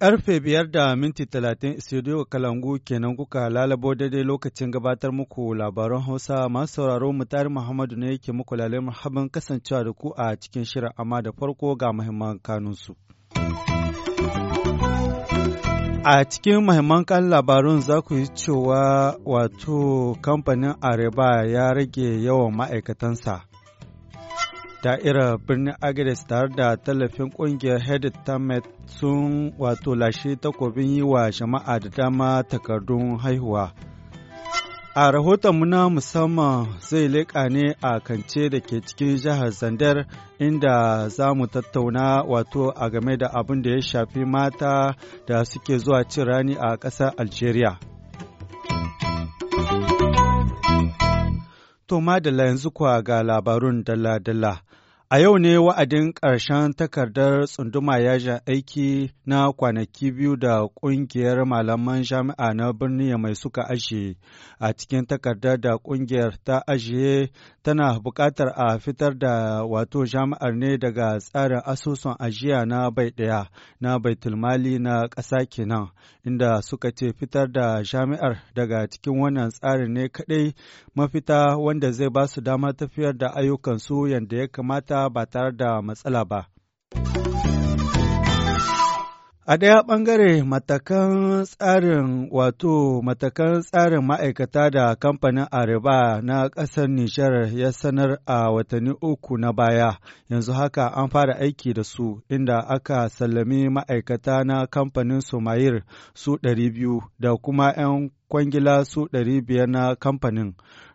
Karfe biyar da minti talatin studio Kalangu kenan kuka lalabo daidai lokacin gabatar muku labaran Hausa masu sauraro tare Muhammadu ne yake muku lalai muhabbin kasancewa da ku a cikin shirin amma da farko ga muhimman kanunsu. A cikin mahimman kan labarun za ku yi cewa wato kamfanin Areba ya rage yawan ma'aikatansa. Da'irar birnin Agades tare da tallafin ƙungiyar Headed Tamet sun wato lashe takobin yi wa jama'a da dama takardun haihuwa. A rahoton na musamman zai leƙa ne a kance da ke cikin jihar Zandar inda za mu tattauna wato a game da abin da ya shafi mata da suke zuwa cin rani a ƙasar Algeria. To da yanzu kuwa ga labarun dalla-dalla. A yau ne wa'adin ƙarshen takardar tsunduma ya ja aiki na kwanaki biyu da ƙungiyar malaman jami'a na birni mai suka ajiye. A cikin takardar da ƙungiyar ta ajiye tana buƙatar a fitar da wato jami'ar ne daga tsarin asusun ajiya na bai ɗaya na baitulmali na ƙasa kenan, inda suka ce fitar da jami'ar daga cikin wannan tsarin ne kaɗai mafita wanda zai ba su damar tafiyar da ayyukansu yadda ya kamata ba tare da matsala ba. A ɗaya ɓangare matakan tsarin wato matakan tsarin ma'aikata da kamfanin Ariba na ƙasar Nijar ya sanar a watanni uku na baya, yanzu haka an fara aiki da su inda aka sallami ma'aikata na kamfanin Sumayir su 200 da kuma 'yan kwangila su 500 na kamfanin.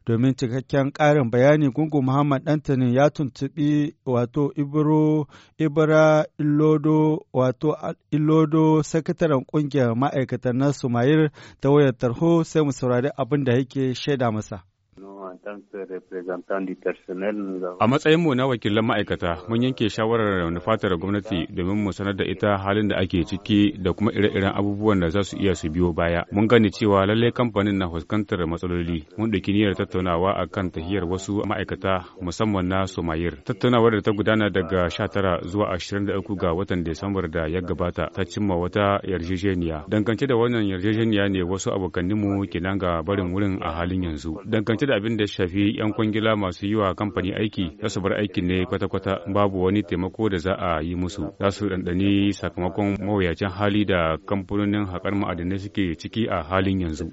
Domin cikakken ƙarin bayani gungun Muhammad Anthony ya tuntubi wato Ibro Ibra Ilodo wato Ilodo sakataren ƙungiyar ma'aikatan na Sumayir ta wayar tarho sai mu saurari abin da yake shaida masa. A mu na wakilan ma'aikata, mun yanke shawarar nufatar gwamnati domin mu sanar da ita halin da ake ciki da kuma ire-iren abubuwan da za su iya su biyo baya. Mun gani cewa lallai kamfanin na fuskantar matsaloli. Mun ɗauki niyyar tattaunawa a kan tahiyar wasu ma'aikata musamman na Somayir. Tattaunawar da ta gudana daga 19 zuwa da 23 ga watan Desambar da ya gabata ta cimma wata yarjejeniya. Dangance da wannan yarjejeniya ne wasu abokanninmu kenan ga barin wurin a halin yanzu. Dangance da abin da shafi 'yan kwangila masu yi wa kamfani aiki za su bar aikin ne kwata-kwata babu wani taimako da za a yi musu za su ɗanɗani sakamakon mawuyacin hali da kamfanonin haƙar ma'adanai suke ciki a halin yanzu.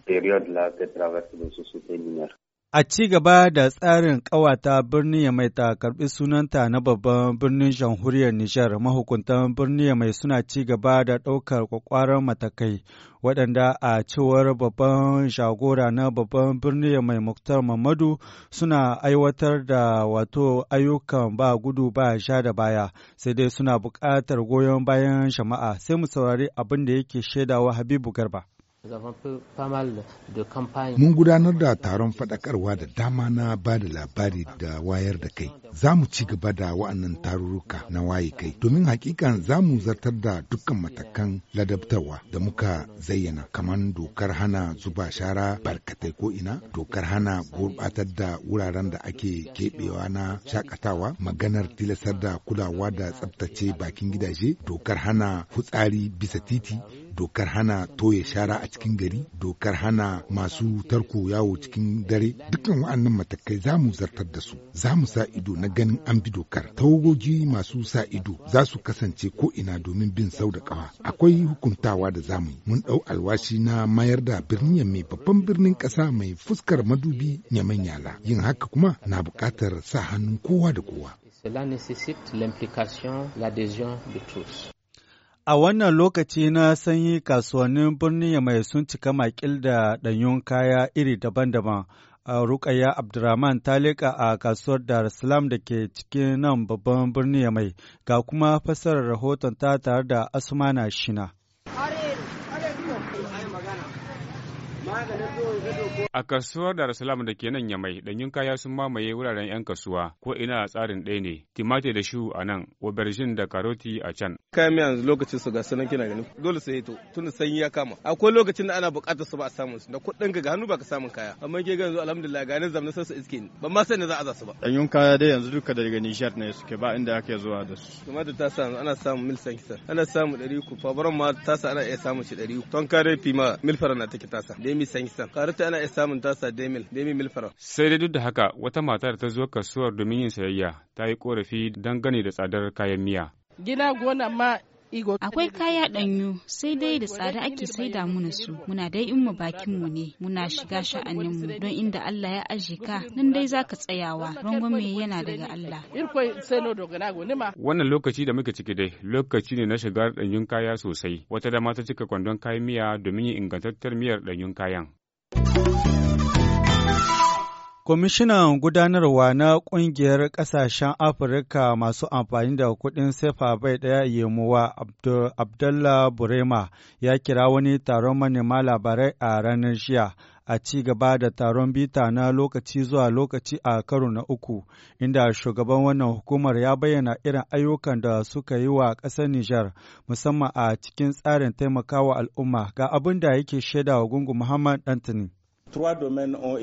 A ci gaba da tsarin ƙawata birnin Yamai ta karɓi sunanta na babban birnin jamhuriyar Nijar, mahukuntan birnin mai suna ci gaba da ɗaukar ƙwaƙwaran matakai, waɗanda a cewar babban jagora na babban birnin mai Muktar Mamadu suna aiwatar da wato ayyukan ba gudu ba sha da baya, sai dai suna buƙatar goyon bayan jama'a, sai mu saurari abin da yake shaidawa Habibu Garba. Mun gudanar da taron faɗakarwa da dama na ba da labari da wayar da kai. Za mu ci gaba da wa'annan tarurruka na waye kai, domin hakikan za mu zartar da dukkan matakan ladabtarwa da muka zayyana, kamar dokar hana zuba shara barkatai ko ina, dokar hana gurɓatar da wuraren da ake keɓewa na shakatawa, maganar tilastar da kulawa da tsabtace bakin gidaje, dokar hana fitsari bisa titi, dokar hana toye shara a cikin gari dokar hana masu tarko yawo cikin dare dukkan wa'annan matakai za mu zartar da su za mu sa ido na ganin an bi dokar tawagogi masu sa ido za su kasance ko ina domin bin sau da kawa akwai hukuntawa da zamu yi mun ɗau alwashi na mayar da birnin mai babban birnin ƙasa mai fuskar madubi ya manyala yin haka kuma na bukatar sa hannun kowa da kowa Cela nécessite l'implication, l'adhésion de tous. A wannan lokaci na sanyi kasuwannin birnin Yamai sun cika makil da ɗanyun kaya iri daban-daban. A Rukaya Abdurrahman ta leƙa a kasuwar Dar es Salaam da ke cikin nan babban birnin Yamai, ga kuma fassarar rahoton ta tare da Asmana Shina. A kasuwar Darussalam da ke nan Yamai, ɗanyun kaya sun mamaye wuraren 'yan kasuwa ko ina tsarin ɗaya ne, timati da shu a nan, aubergine da karoti a can. Kayan miya yanzu lokacin su ga nan kina gani, dole sai to tun sanyi ya kama. Akwai lokacin da ana buƙatar su ba a samun su, da kuɗin ga hannu ba ka samun kaya. Amma ke yanzu alhamdulillah ga ni zamna sai su iske ni, ban ma sai ne za a za su ba. Ɗanyun kaya dai yanzu duka daga Nijar ne suke ba inda ake zuwa da su. Tumatir ta samu ana samun mil sankisa, ana samun ɗari ku, fabaran ma ta sa ana iya samun shi ɗari ku. Ton kare fi ma mil fara na take sa, dai mi san pakistan ana iya samun tasa demil demil Milfarov. sai dai duk da haka wata mata da ta zo kasuwar domin yin sayayya ta yi korafi dangane da tsadar kayan miya gina gona ma Akwai kaya ɗanyu sai dai da tsada ake saida muna su, muna dai in mu bakinmu ne, muna shiga sha'anin mu don inda Allah ya aje ka, nan dai za zaka tsayawa, rangwame yana daga Allah. Wannan lokaci da muke ciki dai, lokaci ne na shigar ɗanyun kaya sosai, wata dama ta cika kwandon kayan miya domin yin ingantattar miyar ɗanyun kayan. Kwamishinan gudanarwa na ƙungiyar ƙasashen Afirka masu amfani da kuɗin sefa bai ɗaya yemuwa Abdullah Burema ya kira wani taron manema labarai a ranar jiya. a ci gaba da taron bita na lokaci zuwa lokaci a karo na uku, inda shugaban wannan hukumar ya bayyana irin ayyukan da suka yi wa ƙasar Nijar, musamman a cikin tsarin taimakawa al'umma ga abin da yake shaida wa Gungu Muhammad Anthony.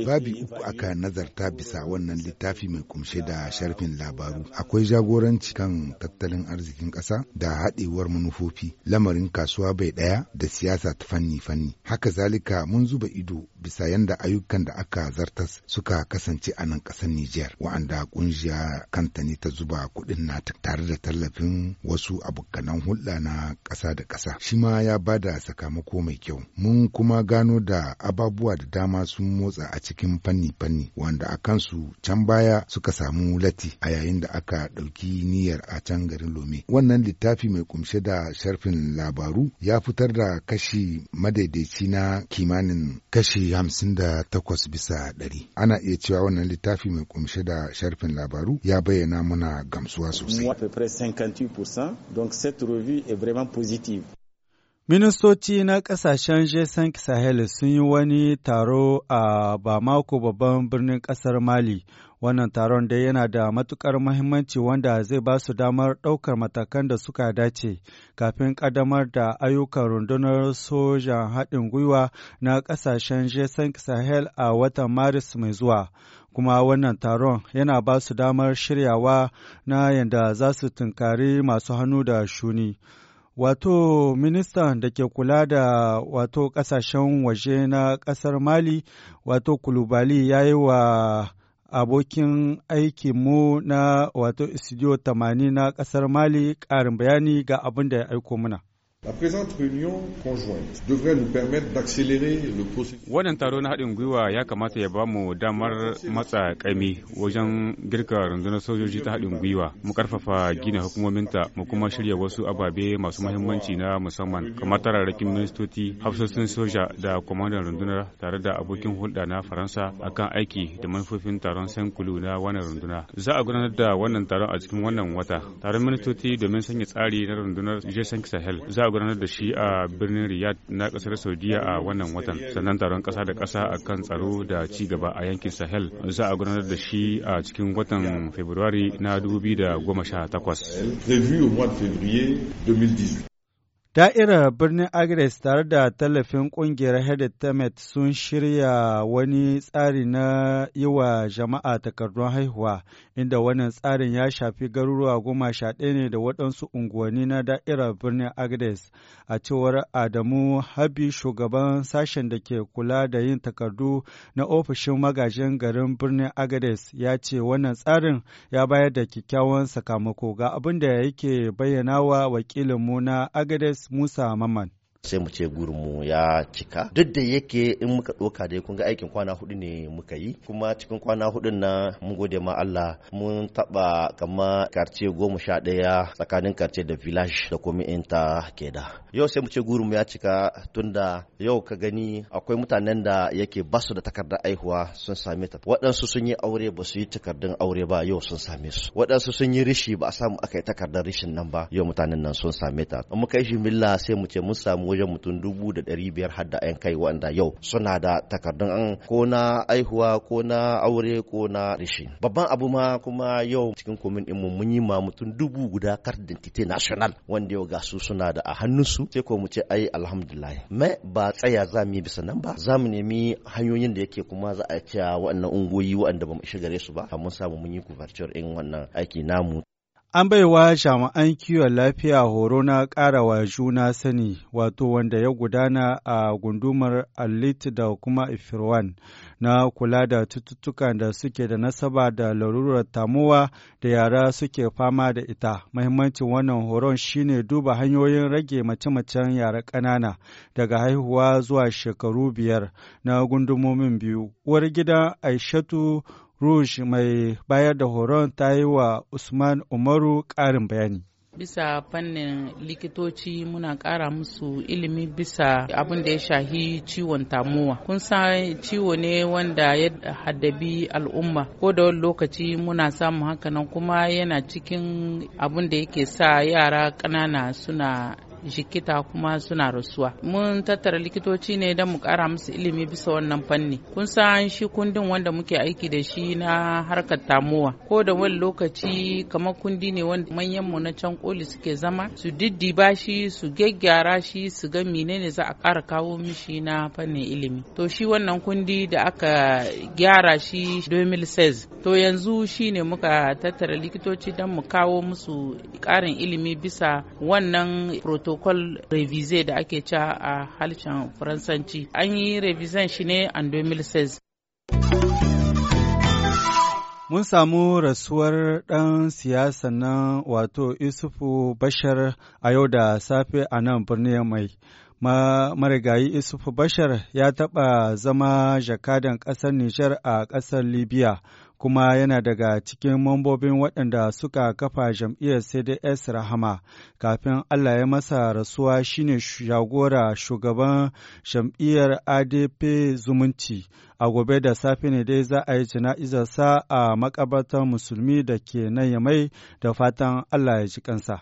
Babi uku aka nazarta bisa wannan littafi mai kumshe da sharfin labaru. Akwai jagoranci kan tattalin arzikin ƙasa da haɗewar manufofi, lamarin kasuwa bai ɗaya da siyasa ta fanni-fanni. Haka zalika mun zuba ido bisa yadda ayyukan da aka zartas suka kasance a nan ƙasar Nijar, wa'anda ƙungiya kanta ne ta zuba kuɗin na tare da tallafin wasu abokanan hulɗa na ƙasa da ƙasa. Shi ma ya bada sakamako mai kyau. Mun kuma gano da ababuwa da dama dama sun motsa a cikin fanni-fanni wanda a kansu can baya suka samu lati a yayin da aka ɗauki niyyar a can garin Lome. Wannan littafi mai kumshe da sharfin labaru ya fitar da kashi madaidaici na kimanin kashi hamsin da takwas bisa ɗari. Ana iya cewa wannan littafi mai kumshe da sharfin labaru ya bayyana mana gamsuwa sosai. positive. Ministoci na ƙasashen Jason Sahel sun yi wani taro a Bamako babban birnin ƙasar Mali. Wannan taron dai yana da matuƙar muhimmanci wanda zai ba su damar ɗaukar matakan da suka dace kafin ƙaddamar da ayyukan rundunar sojan haɗin gwiwa na ƙasashen Jason Sahel a watan Maris mai zuwa. Kuma wannan taron yana ba su damar shiryawa na yadda za su tunkari masu hannu da shuni. Wato, ministan da ke kula da wato ƙasashen waje na ƙasar Mali, wato Kulubali ya yi wa abokin aikinmu na wato studio 80 na ƙasar Mali ƙarin bayani ga abin da ya aiko muna. Wannan taro na haɗin gwiwa ya kamata ya bamu damar matsa ƙami wajen girka rundunar sojoji ta haɗin gwiwa, mu ƙarfafa gina hukumominta mu kuma shirya wasu ababe masu mahimmanci na musamman kamar tararrakin ministoci, hafsoshin soja da kwamandan rundunar tare da abokin hulɗa na Faransa akan aiki da manufofin taron Sankulu na wannan runduna. Za a gudanar da wannan taron a cikin wannan wata. Taron ministoci domin sanya tsari na rundunar Jason Sahel. Za gudanar da shi a birnin Riyadh na kasar Saudiya a wannan watan. Sannan taron kasa da kasa a kan tsaro da ci gaba a yankin Sahel za a gudanar da shi a cikin watan february na 2018. Da'irar birnin Agres tare da tallafin ƙungiyar Hedetemet sun shirya wani tsari na yi wa jama'a takardun haihuwa, inda wannan tsarin ya shafi garuruwa goma sha ne da waɗansu unguwanni na da'irar birnin Agres. A cewar Adamu Habi shugaban sashen da ke kula da yin takardu na ofishin magajin garin birnin Agres ya ce wannan tsarin ya bayar da kyakkyawan sakamako ga abin da yake bayyana wa wakilinmu na Agres Musa maman sai mu ce ya cika duk da yake in muka ɗoka dai kun ga aikin kwana hudu ne muka yi kuma cikin kwana hudun na mun gode ma Allah mun taɓa kama karce goma sha ɗaya tsakanin karce da village da kuma inta da. yau sai mu ce gurinmu ya cika tunda yau ka gani akwai mutanen da yake basu da takardar aihuwa sun same ta waɗansu sun yi aure ba su yi takardun aure ba yau sun same su waɗansu sun yi rishi ba a samu aka yi takardar rishin nan ba yau mutanen nan sun same ta muka yi milla sai mu ce mun samu wajen mutum dubu da ɗari biyar har da 'yan kai wanda yau suna da takardun an ko na aihuwa ko na aure ko na rishi babban abu ma kuma yau cikin komin ɗin mun yi ma mutum dubu guda kar dentite national wanda yau ga su suna da a hannunsu sai ko mu ce ai alhamdulillah me ba tsaya za mu yi bisa nan ba za mu nemi hanyoyin da yake kuma za a cewa waɗannan ungoyi waɗanda ba mu shiga gare su ba mun samu mun yi kuvarciyar in wannan aiki namu An baiwa jami'an kiwon lafiya horo na ƙarawa juna sani, wato wanda ya gudana a gundumar Alit da kuma Ifirwan na kula da tututtukan da suke da nasaba da larurar tamowa da yara suke fama da ita. Mahimmancin wannan horon shine duba hanyoyin rage mace-macen yara ƙanana daga haihuwa zuwa shekaru biyar na gundumomin biyu. Uwar gidan Aishatu Rouge mai bayar da horon ta yi wa Usman Umaru ƙarin bayani. bisa fannin likitoci muna ƙara musu ilimi bisa abin da ya shahi ciwon tamuwa kun san ciwo ne wanda ya haddabi al'umma ko da wani lokaci muna samun hakanan kuma yana cikin abin da yake sa yara ƙanana suna jikita kuma suna rasuwa mun tattara likitoci ne don mu kara musu ilimi bisa wannan fanni kun san shi kundin wanda muke aiki da shi na harkar tamuwa ko da wani lokaci kamar kundi ne wanda manyan mu na can koli suke zama su diddiba shi su gyaggyara shi su ga menene za a kara kawo mishi na fannin ilimi to shi wannan kundi da aka gyara shi 2016 to yanzu shi ne muka tattara likitoci don mu kawo musu karin ilimi bisa wannan proto protocol revise da ake ca a harshen faransanci an yi revision shi ne a 2006 Mun samu rasuwar ɗan siyasa nan wato Isufu Bashar a yau da safe a nan birnin mai. marigayi Isufu Bashar ya taɓa zama jakadan ƙasar Nijar a ƙasar Libya, kuma yana daga cikin mambobin waɗanda suka kafa jam'iyyar CDS Rahama kafin Allah ya masa rasuwa shine jagora shugaban jam'iyyar ADP Zumunci. A gobe da safe ne dai za a yi jana'izarsa a makabartar musulmi da ke nan mai, da fatan Allah ya ji kansa.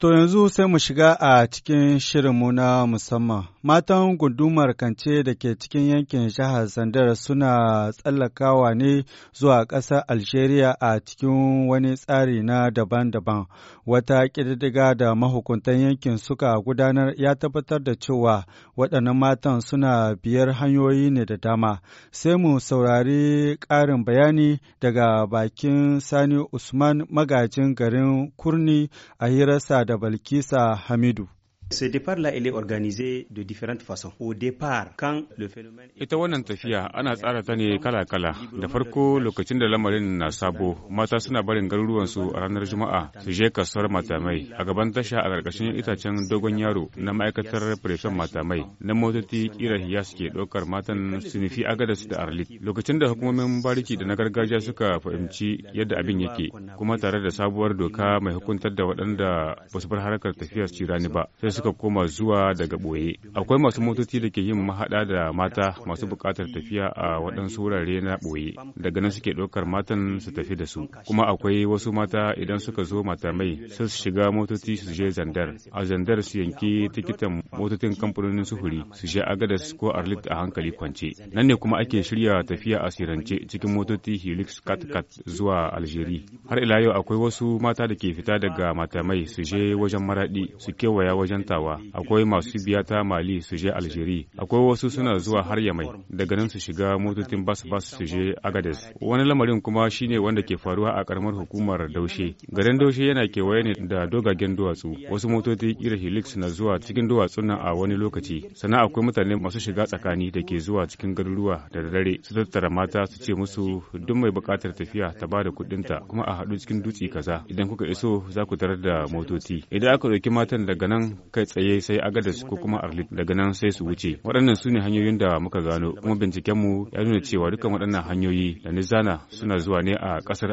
To yanzu sai mu shiga a cikin shirinmu na musamman. Matan gundumar kance da ke cikin yankin jihar Zandar suna tsallakawa ne zuwa ƙasar Algeria a cikin wani tsari na daban-daban. Wata ƙididdiga da mahukuntan yankin suka gudanar ya tabbatar da cewa waɗannan matan suna biyar hanyoyi ne da dama. Sai mu saurari ƙarin bayani daga bakin Sani Usman magajin garin Kurni a hirarsa da Balkisa Hamidu. Ce départ-là, il est organisé de différentes façons. Au départ, quand le phénomène... Ita wannan tafiya ana tsara ta ne kala-kala. Da farko lokacin da lamarin na sabo, mata suna barin garuruwan su a ranar Juma'a su je kasuwar matamai a gaban tasha a ƙarƙashin itacen dogon yaro na ma'aikatar Fireshon matamai na motoci kira hiya suke ɗaukar matan su nufi su da arlit. Lokacin da hukumomin bariki da na gargajiya suka fahimci yadda abin yake, kuma tare da sabuwar doka mai hukuntar da waɗanda ba su bar harkar tafiyar cirani ba. suka koma zuwa daga ɓoye. Akwai masu motoci da ke yin mahaɗa da mata masu buƙatar tafiya a waɗansu wurare na ɓoye. Daga nan suke ɗaukar matan su tafi da su. Kuma akwai wasu mata idan suka zo matamai su shiga motoci su je zandar. A zandar su yanki tikitan motocin kamfanonin sufuri su je agadas ko arlit a hankali kwance. Nan ne kuma ake shirya tafiya a sirance cikin motoci helix katkat zuwa algeria har ila yau akwai wasu mata da ke fita daga matamai su je wajen maraɗi su kewaya wajen cantawa akwai masu biya ta mali su je aljeri akwai wasu suna zuwa har yamai daga nan su shiga motocin bas bas su je agades wani lamarin kuma shine wanda ke faruwa a karamar hukumar daushe garin daushe yana kewaye ne da dogagen duwatsu wasu motoci kira helix na zuwa cikin duwatsun nan a wani lokaci sannan akwai mutane masu shiga tsakani da ke zuwa cikin garuruwa da dare su tattara mata su ce musu duk mai bukatar tafiya ta bada kuɗinta kuma a haɗu cikin dutse kaza idan kuka iso za ku tarar da motoci idan aka ɗauki matan daga nan kai tsaye sai agadas ko kuma Arlit daga nan sai su wuce. Waɗannan su ne hanyoyin da muka gano kuma bincikenmu ya nuna cewa dukkan waɗannan hanyoyi da Nizana suna zuwa ne a ƙasar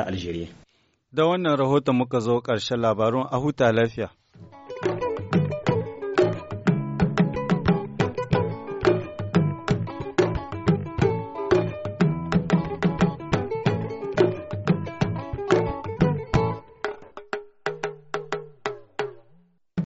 Algeria. Da wannan rahoton muka zo ƙarshen labarun a huta lafiya.